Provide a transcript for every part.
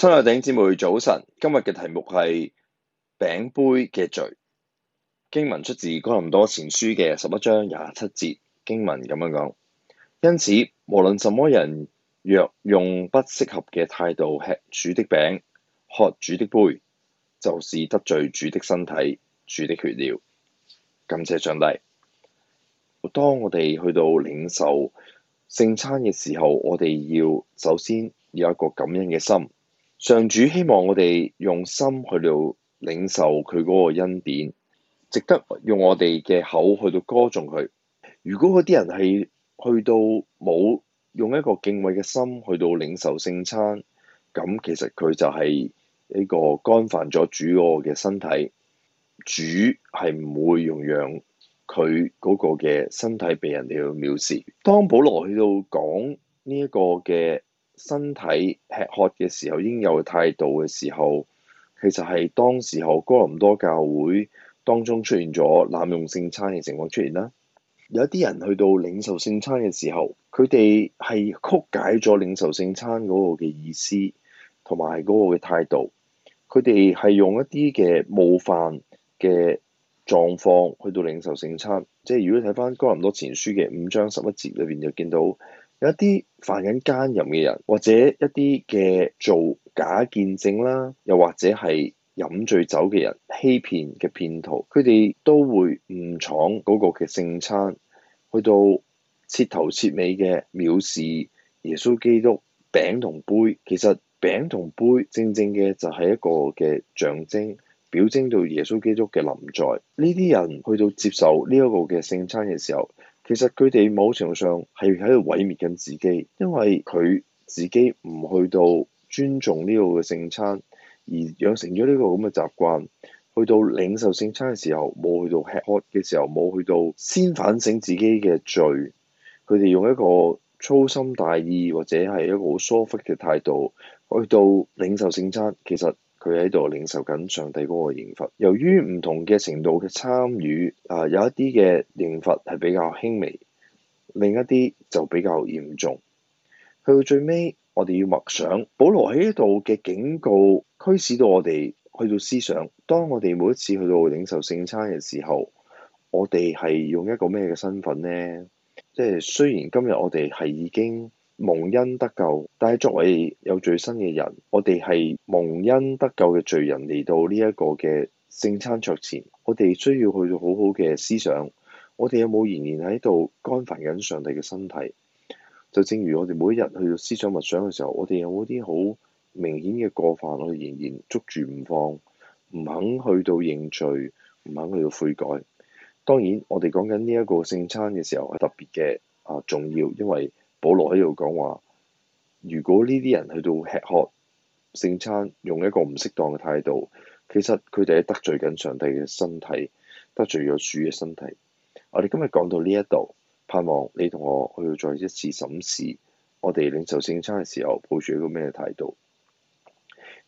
親愛頂姊妹早晨，今日嘅題目係餅杯嘅罪。經文出自哥林多前書嘅十一章廿七節，經文咁樣講：因此無論什麼人，若用不適合嘅態度吃主的餅，喝主的杯，就是得罪主的身體、主的血了。」感謝上帝。當我哋去到領受聖餐嘅時候，我哋要首先有一個感恩嘅心。上主希望我哋用心去到領受佢嗰個恩典，值得用我哋嘅口去到歌頌佢。如果嗰啲人係去到冇用一個敬畏嘅心去到領受聖餐，咁其實佢就係呢個干犯咗主嗰個嘅身體。主係唔會容讓佢嗰個嘅身體俾人哋去藐視。當保羅去到講呢一個嘅。身體吃喝嘅時候應有嘅態度嘅時候，其實係當時候哥林多教會當中出現咗濫用聖餐嘅情況出現啦。有啲人去到領受聖餐嘅時候，佢哋係曲解咗領受聖餐嗰個嘅意思同埋嗰個嘅態度。佢哋係用一啲嘅冒犯嘅狀況去到領受聖餐。即係如果你睇返哥林多前書嘅五章十一節裏邊就見到，有一啲犯緊奸淫嘅人，或者一啲嘅做假見證啦，又或者係飲醉酒嘅人欺騙嘅騙徒，佢哋都會誤闖嗰個嘅聖餐，去到徹頭徹尾嘅藐視耶穌基督餅同杯。其實餅同杯正正嘅就係一個嘅象徵，表徵到耶穌基督嘅臨在。呢啲人去到接受呢一個嘅聖餐嘅時候，其實佢哋某程度上係喺度毀滅緊自己，因為佢自己唔去到尊重呢個嘅聖餐，而養成咗呢個咁嘅習慣。去到領受聖餐嘅時候，冇去到吃喝嘅時候，冇去到先反省自己嘅罪。佢哋用一個粗心大意或者係一個好疏忽嘅態度去到領受聖餐，其實。佢喺度領受緊上帝嗰個刑罰，由於唔同嘅程度嘅參與，啊、呃、有一啲嘅刑罰係比較輕微，另一啲就比較嚴重。去到最尾，我哋要默想，保羅喺呢度嘅警告，驅使到我哋去到思想。當我哋每一次去到領受聖餐嘅時候，我哋係用一個咩嘅身份呢？即係雖然今日我哋係已經。蒙恩得救，但係作為有罪身嘅人，我哋係蒙恩得救嘅罪人嚟到呢一個嘅聖餐桌前，我哋需要去到好好嘅思想，我哋有冇仍然喺度干犯緊上帝嘅身體？就正如我哋每一日去到思想默想嘅時候，我哋有冇啲好明顯嘅過犯，我哋仍然捉住唔放，唔肯去到認罪，唔肯去到悔改。當然，我哋講緊呢一個聖餐嘅時候係特別嘅啊重要，因為。保羅喺度講話，如果呢啲人去到吃喝聖餐，用一個唔適當嘅態度，其實佢哋係得罪緊上帝嘅身體，得罪咗主嘅身體。我哋今日講到呢一度，盼望你同我去再一次審視我哋領受聖餐嘅時候，抱住一個咩態度？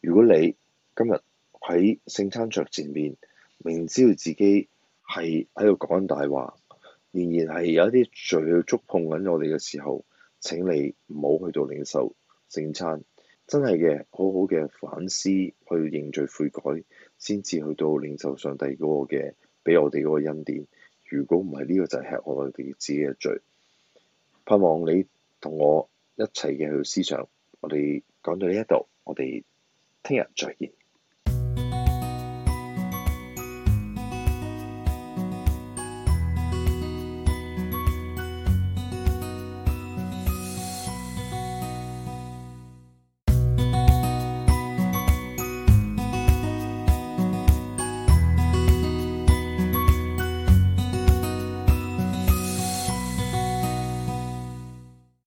如果你今日喺聖餐桌前面，明知道自己係喺度講緊大話，仍然係有一啲罪去觸碰緊我哋嘅時候，請你唔好去到領受聖餐，真係嘅好好嘅反思去認罪悔改，先至去到領受上帝嗰個嘅俾我哋嗰個恩典。如果唔係，呢個就係吃我哋自己嘅罪。盼望你同我一齊嘅去思想，我哋講到呢一度，我哋聽日再見。